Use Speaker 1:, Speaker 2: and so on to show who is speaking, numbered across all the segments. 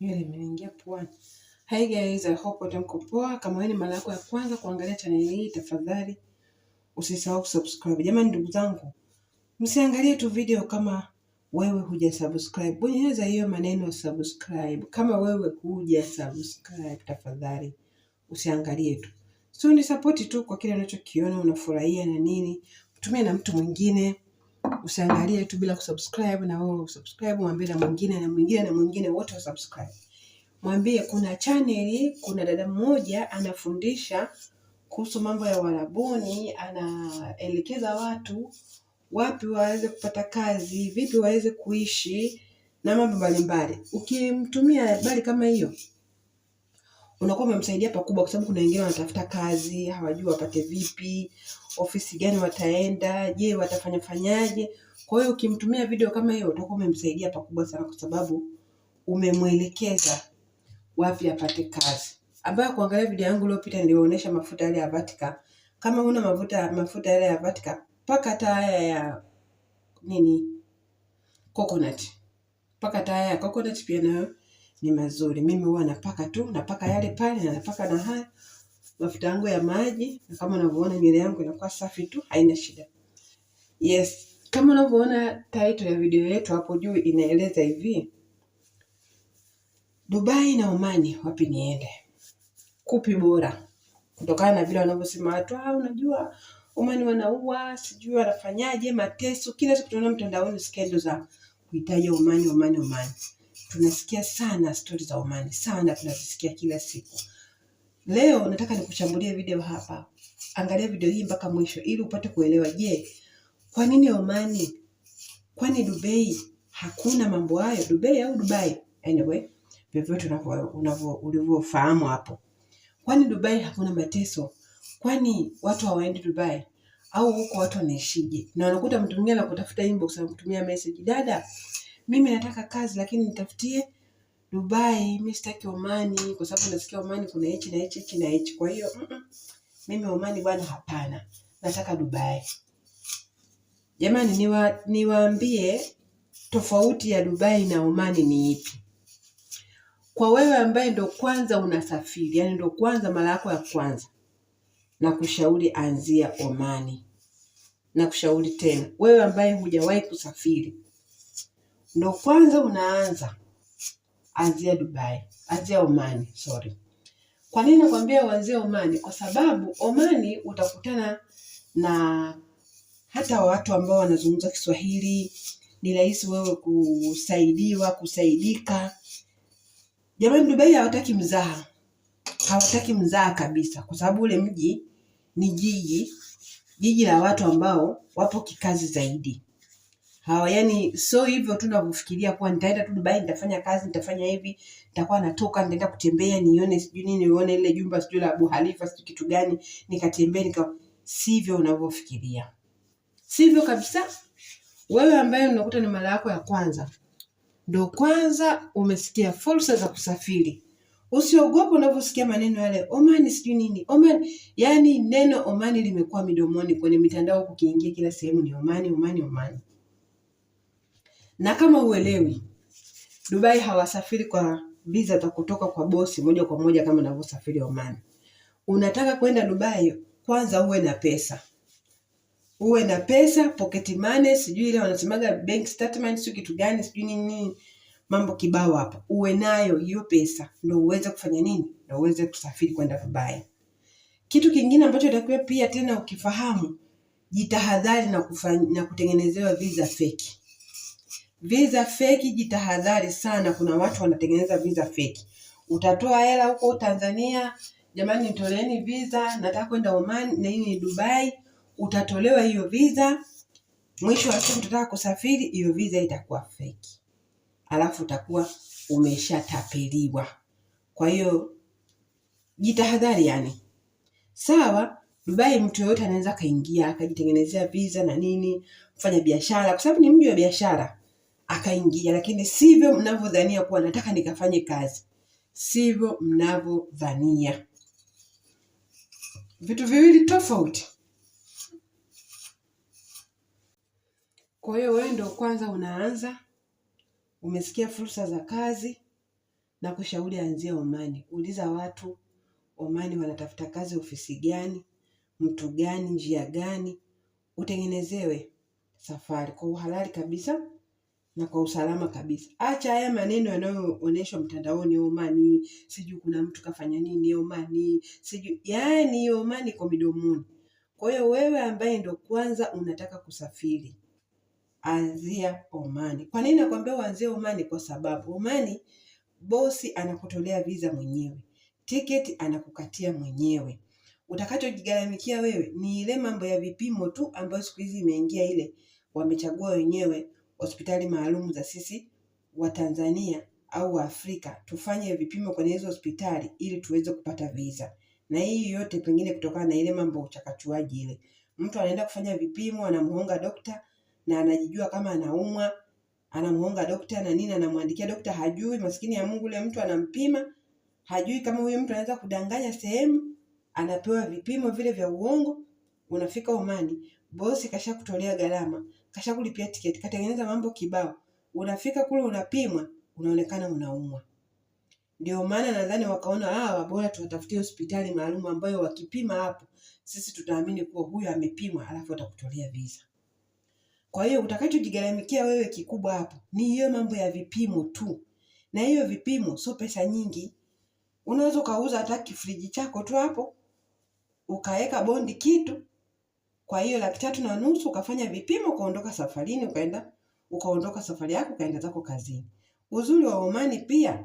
Speaker 1: Nywele imeniingia puani. Hi guys, I hope wote mko poa. Kama wewe ni mara yako ya kwanza kuangalia channel hii, tafadhali usisahau kusubscribe. Jamani ndugu zangu, msiangalie tu video kama wewe huja subscribe. Bonyeza hiyo maneno subscribe. Kama wewe huja subscribe, tafadhali usiangalie tu. So ni support tu kwa kile unachokiona unafurahia na nini. Tumia na mtu mwingine usiangalie tu bila kusubscribe na wewe usubscribe, mwambie na mwingine na mwingine na mwingine, wote wasubscribe. Mwambie kuna chaneli, kuna dada mmoja anafundisha kuhusu mambo ya warabuni, anaelekeza watu wapi waweze kupata kazi, vipi waweze kuishi na mambo mbalimbali. Ukimtumia habari kama hiyo unakuwa umemsaidia pakubwa, kwa sababu kuna wengine wanatafuta kazi hawajui wapate vipi ofisi gani wataenda, je watafanya fanyaje. Kwa hiyo ukimtumia video kama hiyo utakuwa umemsaidia pakubwa sana, kwa sababu umemwelekeza wapi apate kazi. Ambayo kuangalia video yangu iliyopita niliwaonyesha mafuta yale ya Vatika. Kama una mafuta mafuta yale ya Vatika, paka hata haya ya nini coconut, paka hata haya ya coconut pia nayo ni mazuri. Mimi huwa napaka tu napaka yale pale na napaka na haya mafuta yangu ya maji, na kama unavyoona nywele yangu inakuwa safi tu, haina shida. Yes, kama unavyoona title ya video yetu hapo juu inaeleza hivi, Dubai na Omani wapi niende, kupi bora? Kutokana na vile wanavyosema watu, ah, unajua Omani wanaua, sijui wanafanyaje, mateso kila siku tunaona mtandaoni skendo za kuitaja Omani, Omani, Omani. Tunasikia sana stori za Omani sana, tunazisikia kila siku Leo nataka nikuchambulie video hapa. Angalia video hii mpaka mwisho ili upate kuelewa. Je, kwa nini Omani? Kwani Dubai hakuna mambo hayo? Dubai au Dubai, anyway, vyovyote ulivyofahamu hapo. Kwani Dubai hakuna mateso? Kwani watu hawaendi Dubai au huko watu wanaishije? Na unakuta mtu mwingine anakutafuta inbox, anakutumia message, dada, mimi nataka kazi lakini nitafutie Dubai, mi sitaki Omani kwa sababu nasikia Omani kuna hichi na hichi hichi na hichi. Kwa hiyo mm -mm, mimi Omani bwana, hapana, nataka Dubai. Jamani, niwa, niwaambie tofauti ya Dubai na Omani ni ipi? Kwa wewe ambaye ndo kwanza unasafiri, yani ndo kwanza mara yako ya kwanza, na kushauri anzia Omani. Na kushauri tena wewe ambaye hujawahi kusafiri, ndo kwanza unaanza anzia Dubai, anzia Omani, sorry. Kwa nini nakwambia uanzie Omani? Kwa sababu Omani utakutana na hata watu ambao wanazungumza Kiswahili, ni rahisi wewe kusaidiwa, kusaidika. Jamani, Dubai hawataki mzaha, hawataki mzaha kabisa, kwa sababu ule mji ni jiji, jiji la watu ambao wapo kikazi zaidi hawa yani, so hivyo tu navyofikiria kuwa nitaenda tu Dubai, nitafanya kazi, nitafanya hivi, nitakuwa natoka, nitaenda kutembea, nione sijui nini, nione ile jumba sijui la Abu Halifa sijui kitu gani, nikatembea nika. Sivyo unavyofikiria, sivyo kabisa. Wewe ambaye unakuta ni mara yako ya kwanza, ndo kwanza umesikia fursa za kusafiri, usiogope unavyosikia maneno yale Omani sijui nini Omani. Yani neno Omani limekuwa midomoni, kwenye mitandao kukiingia, kila sehemu ni Omani, Omani, Omani. Na kama uelewi, Dubai hawasafiri kwa visa za kutoka kwa bosi moja kwa moja kama unavyosafiri Oman. Unataka kwenda Dubai, kwanza uwe na pesa, uwe na pesa, pocket money, sijui ile wanasemaga bank statement, sio kitu gani, sijui nini, mambo kibao hapo. Uwe nayo hiyo pesa ndio uweze kufanya nini, ndio uweze kusafiri kwenda Dubai. Kitu kingine ambacho itakiwa pia tena ukifahamu, jitahadhari na, kufanya, na kutengenezewa visa fake. Visa feki, jitahadhari sana, kuna watu wanatengeneza visa feki. Utatoa hela huko Tanzania, jamani, nitoleeni visa, nataka kwenda Oman na hii ni Dubai. Utatolewa hiyo visa, mwisho wa siku utataka kusafiri, hiyo visa itakuwa feki, alafu utakuwa umeshatapeliwa. Kwa hiyo jitahadhari, yani sawa Dubai mtu yoyote anaweza akaingia akajitengenezea visa na nini, kufanya biashara, kwa sababu ni mji wa biashara akaingia, lakini sivyo mnavyodhania kuwa nataka nikafanye kazi, sivyo mnavyodhania. Vitu viwili tofauti. Kwa hiyo wewe ndio kwanza unaanza, umesikia fursa za kazi na kushauri, anzia Omani, uliza watu Omani wanatafuta kazi ofisi gani, mtu gani, njia gani, utengenezewe safari kwa uhalali kabisa na kwa usalama kabisa. Acha haya maneno yanayoonyeshwa mtandaoni, oh, omani sijui kuna mtu kafanya nini, oh, omani sijui yani, oh, omani kwa midomoni. Kwa hiyo wewe ambaye ndo kwanza unataka kusafiri, anzia Omani. Kwa nini nakwambia uanzie Omani? Kwa sababu Omani bosi anakutolea visa mwenyewe, tiketi anakukatia mwenyewe. Utakachojigaramikia wewe ni ile mambo ya vipimo tu ambayo siku hizi imeingia ile, wamechagua wenyewe hospitali maalumu za sisi wa Tanzania au wa Afrika tufanye vipimo kwenye hizo hospitali ili tuweze kupata visa. Na hii yote pengine kutokana na ile mambo uchakachuaji ile. Mtu anaenda kufanya vipimo, anamuonga dokta na anajijua kama anaumwa, anamuonga dokta na nini, anamwandikia dokta, hajui maskini ya Mungu, yule mtu anampima, hajui kama huyu mtu anaweza kudanganya sehemu, anapewa vipimo vile vya uongo, unafika Omani, bosi kashakutolea gharama, kashakulipia tiketi, katengeneza mambo kibao, unafika kule unapimwa, unaonekana unaumwa. Ndio maana nadhani wakaona hawa ah, bora tuwatafutie hospitali maalum ambayo wakipima hapo sisi tutaamini kuwa huyu amepimwa, alafu atakutolea visa. Kwa hiyo utakachojigaramikia wewe kikubwa hapo ni hiyo mambo ya vipimo tu, na hiyo vipimo sio pesa nyingi. Unaweza ukauza hata kifriji chako tu hapo ukaweka bondi kitu kwa hiyo laki tatu na nusu ukafanya vipimo ukaondoka safarini ukaenda ukaondoka safari yako ukaenda zako kazini. Uzuri wa Omani pia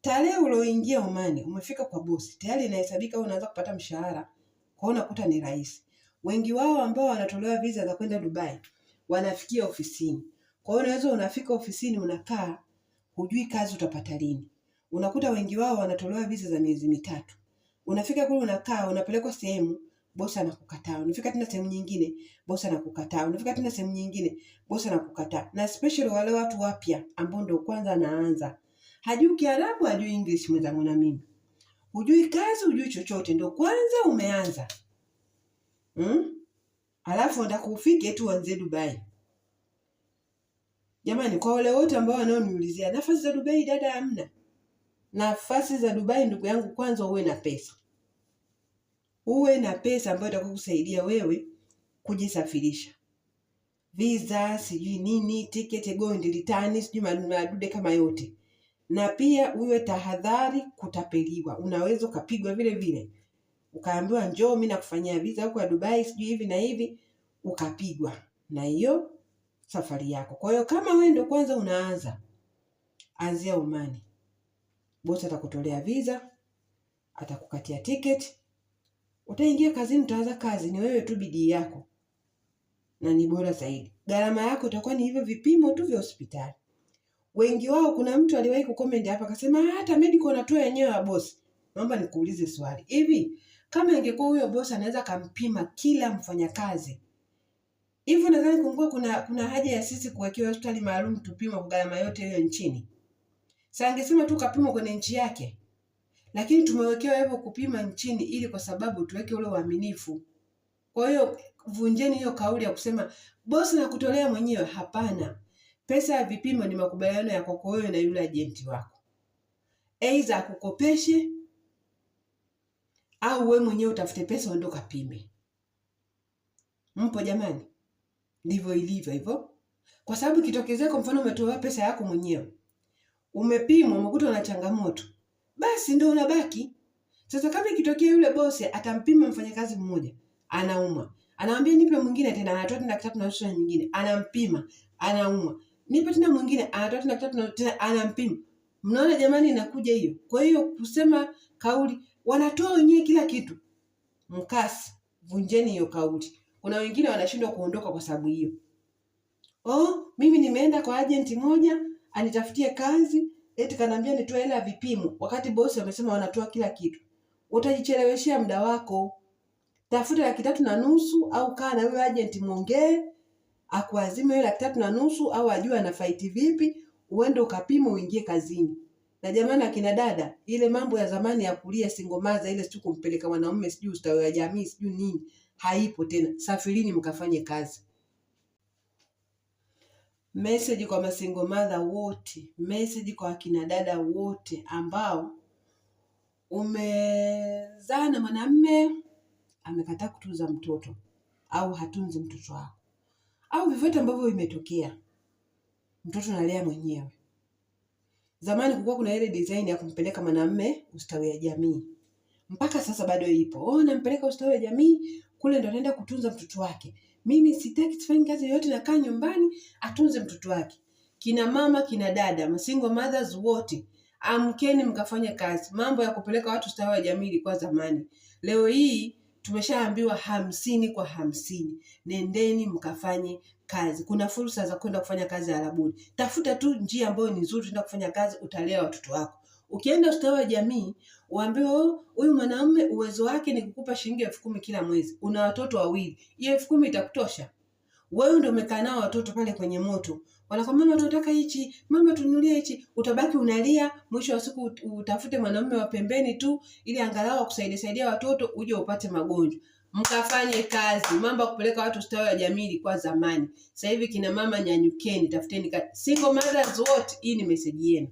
Speaker 1: tarehe ulioingia Omani umefika kwa bosi tayari inahesabika wewe unaanza kupata mshahara. Kwa hiyo unakuta ni rahisi. Wengi wao ambao wanatolewa visa za kwenda Dubai wanafikia ofisini. Kwa hiyo unaweza unafika ofisini unakaa hujui kazi utapata lini. Unakuta wengi wao wanatolewa visa za miezi mitatu. Unafika kule unakaa unapelekwa sehemu bosi anakukataa. Unafika tena sehemu nyingine, bosi anakukataa. Unafika tena sehemu nyingine, bosi anakukataa. Na especially wale watu wapya ambao ndio kwanza anaanza, hajui Kiarabu, hajui English, mwenzangu na mimi, hujui kazi, hujui chochote, ndio kwanza umeanza hmm? Alafu nataka ufike tu uanze Dubai. Jamani, kwa wale wote ambao wanaoniulizia nafasi za Dubai, dada, hamna nafasi za Dubai ndugu yangu, kwanza uwe na pesa uwe na pesa ambayo itakusaidia kusaidia wewe kujisafirisha, visa sijui nini, tiketi go and return, sijui madude kama yote, na pia uwe tahadhari kutapeliwa. Unaweza ukapigwa vile vile ukaambiwa njoo mimi nakufanyia visa huko Dubai sijui hivi na hivi, ukapigwa na hiyo safari yako. Kwa hiyo kama wewe ndio kwanza unaanza, anzia Omani, bosi atakutolea visa, atakukatia tiketi Utaingia kazini, utaanza kazi, ni wewe tu bidii yako, na ni bora zaidi. Gharama yako itakuwa ni hivyo vipimo tu vya hospitali. Wengi wao, kuna mtu aliwahi kucomment hapa akasema, ah, hata medical wanatoa yenyewe ya bosi. Naomba nikuulize swali, hivi kama ingekuwa huyo bosi anaweza kampima kila mfanyakazi hivyo, nadhani kungua kuna kuna haja ya sisi kuwekewa hospitali maalum tupimwe kwa gharama yote hiyo nchini? Sasa angesema tu kapimwa kwenye nchi yake lakini tumewekewa hivyo kupima nchini ili kwa sababu tuweke ule uaminifu. Kwa hiyo vunjeni hiyo kauli ya kusema bosi kutolea mwenyewe. Hapana, pesa ya vipimo ni makubaliano ya kwako wewe na yule ajenti wako, aidha akukopeshe au we mwenyewe utafute pesa uende ukapime. Mpo jamani? Ndivyo ilivyo hivyo, kwa sababu kitokezea, kwa mfano umetoa pesa yako mwenyewe, umepimwa, umekuta una changamoto basi ndio unabaki. Sasa kama ikitokea yule bosi atampima mfanyakazi mmoja anauma, anamwambia nipe mwingine tena, anatoa tena kitatu na nusu nyingine, anampima, anauma, nipe tena mwingine, anatoa tena kitatu na tena anampima. Mnaona jamani, inakuja hiyo. Kwa hiyo kusema kauli wanatoa wenyewe kila kitu, mkasi, vunjeni hiyo kauli. Kuna wengine wanashindwa kuondoka kwa sababu hiyo. Oh, mimi nimeenda kwa ajenti moja anitafutie kazi eti kanaambia nitoe hela ya vipimo, wakati bosi wamesema wanatoa kila kitu. Utajicheleweshea muda wako. Tafuta laki tatu na nusu au kaa na wewe agent muongee akuazime hiyo laki tatu na nusu au ajue anafaiti vipi, uende ukapima uingie kazini. Na jamani, akina dada, ile mambo ya zamani ya kulia singomaza ile, sijui kumpeleka mwanaume, sijui ustawi wa jamii, sijui nini, haipo tena. Safirini mkafanye kazi. Meseji kwa masingo madha wote, meseji kwa akina dada wote ambao umezaa na mwanamme amekataa kutunza mtoto au hatunzi mtoto wako au vyovyote ambavyo vimetokea, mtoto nalea mwenyewe. Zamani kulikuwa kuna ile design ya kumpeleka mwanamme ustawi wa jamii, mpaka sasa bado ipo. Oh, nampeleka ustawi wa jamii kule, ndo anaenda kutunza mtoto wake. Mimi sitaki, sifanyi kazi yoyote, nakaa nyumbani atunze mtoto wake. Kina mama, kina dada, single mothers wote, amkeni mkafanya kazi. Mambo ya kupeleka watu ustawi wa jamii ilikuwa zamani. Leo hii tumeshaambiwa hamsini kwa hamsini, nendeni mkafanye kazi. Kuna fursa za kwenda kufanya kazi Arabuni. Tafuta tu njia ambayo ni nzuri, enda kufanya kazi, utalea watoto wako. Ukienda ustawi wa jamii waambiwe oh, huyu mwanaume uwezo wake ni kukupa shilingi elfu kumi kila mwezi, una watoto wawili, hiyo elfu kumi itakutosha wewe? Ndio umekaa nao watoto pale kwenye moto, wanakwambia mama tunataka hichi, mama tununulie hichi, utabaki unalia. Mwisho wa siku utafute mwanaume wa pembeni tu, ili angalau akusaidie saidia watoto, uje upate magonjwa. Mkafanye kazi. Mambo ya kupeleka watu ustawi wa jamii ilikuwa zamani, sasa hivi kina mama nyanyukeni, tafuteni kazi. Single mothers wote, hii ni message yenu.